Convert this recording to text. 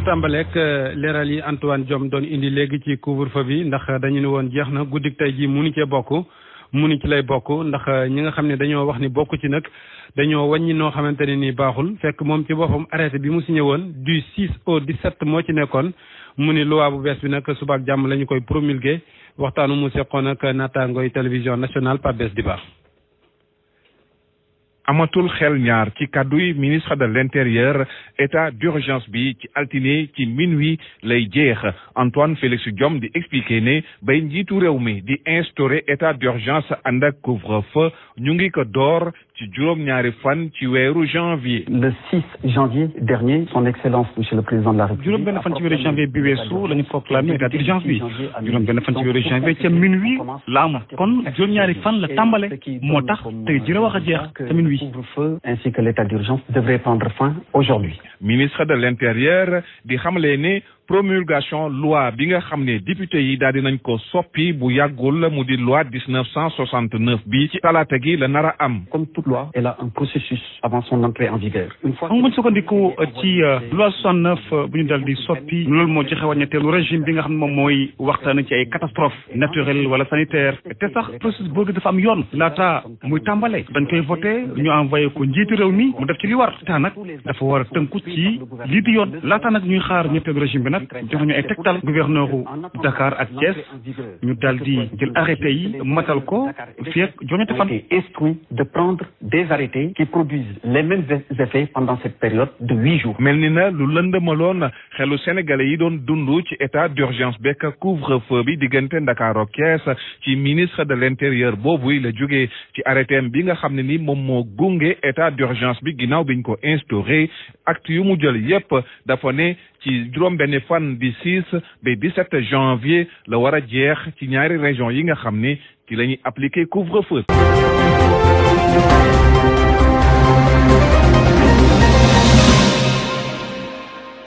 ci tàmbaleeg euh, leeral yi Antoine Diome doon indi léegi ci couvre-feu bi ndax dañu ne woon jeex na guddik ji mu munu cee bokk mu munu ci lay bokk ndax euh, ñi nga xam ne dañoo wax ni bokk ci nag dañoo wàññi noo xamante ne nii baaxul fekk moom ci boppam arrêté bi mu signé woon du o di 17 moo ci nekkoon mu ni loi bu bees bi nag subaak jàmm lañu koy promulgué waxtaanu mu seqoon ak naataangooy télévision nationale Pape Bess Diba amatul xel ñaar ci kàddu yi ministre de état d'urgence bi ci altine ci minuit lay jeex Antoine Félix Diome di expliquer ne bay njiitu réew mi di instaurer état d'urgence ànd ak couvre-feu ñu ngi ko door ci a ñaari fan ci weeru janvier. le 6 janvier dernier son excellence monsieur le président de la république. juróom-benn fan ci weeru janvier bi la ñu proclamé date d'urgence bi juróom-benn fan ci weeru janvier euh, ca minuit la am kon juróom-ñaari fan la tàmbale moo tax tey wax a jeex minuit. ainsi que l'état d'urgence devrait prendre fin aujourd'hui. ministre de l'intérieur di xamle promulgation loi bi nga xam ne député yi daal di nañ ko soppi bu yàggul mu di loi dix neuf cent soixante neuf bi ci talaata gi la nar a am. comme toute loi elle a un processus avant son entrée en vigueur. une neuf bu ñu daal euh, euh, euh, di soppi. loolu moo joxe wàññeeteelu régime bi nga xam ne moom mooy waxtaan ci ay catastrophe naturelle wala sanitaire. te sax processus boobu dafa am yoon. laata muy tàmbale. dañ koy voté ñu envoyé ko njiitu réew mi mu def ci li war. taa nag dafa war a tënku ci lii di yoon. laata nag ñuy xaar nag jox ñu ay tegtal ko fii ak de prendre des arrêtés qui produisent les mêmes effets pendant cette période de huit jours mel ni na lu lëndëmaloon xelu sénégalais yi doon dund ci état d'urgence bekk couvre-feu bi diggante Dakar ak Thiès ci ministre de l'intérieur boobu la jógee ci arrêté bi nga xam ne ni moom moo gunge état d'urgence bi ginaaw biñ ko instauré acte jël yépp dafa ne ci juróom benn fan di six ba dix-sept janvier la war a jeex ci ñaari région yi nga xam ni ci la ñuy appliquer couvre-feu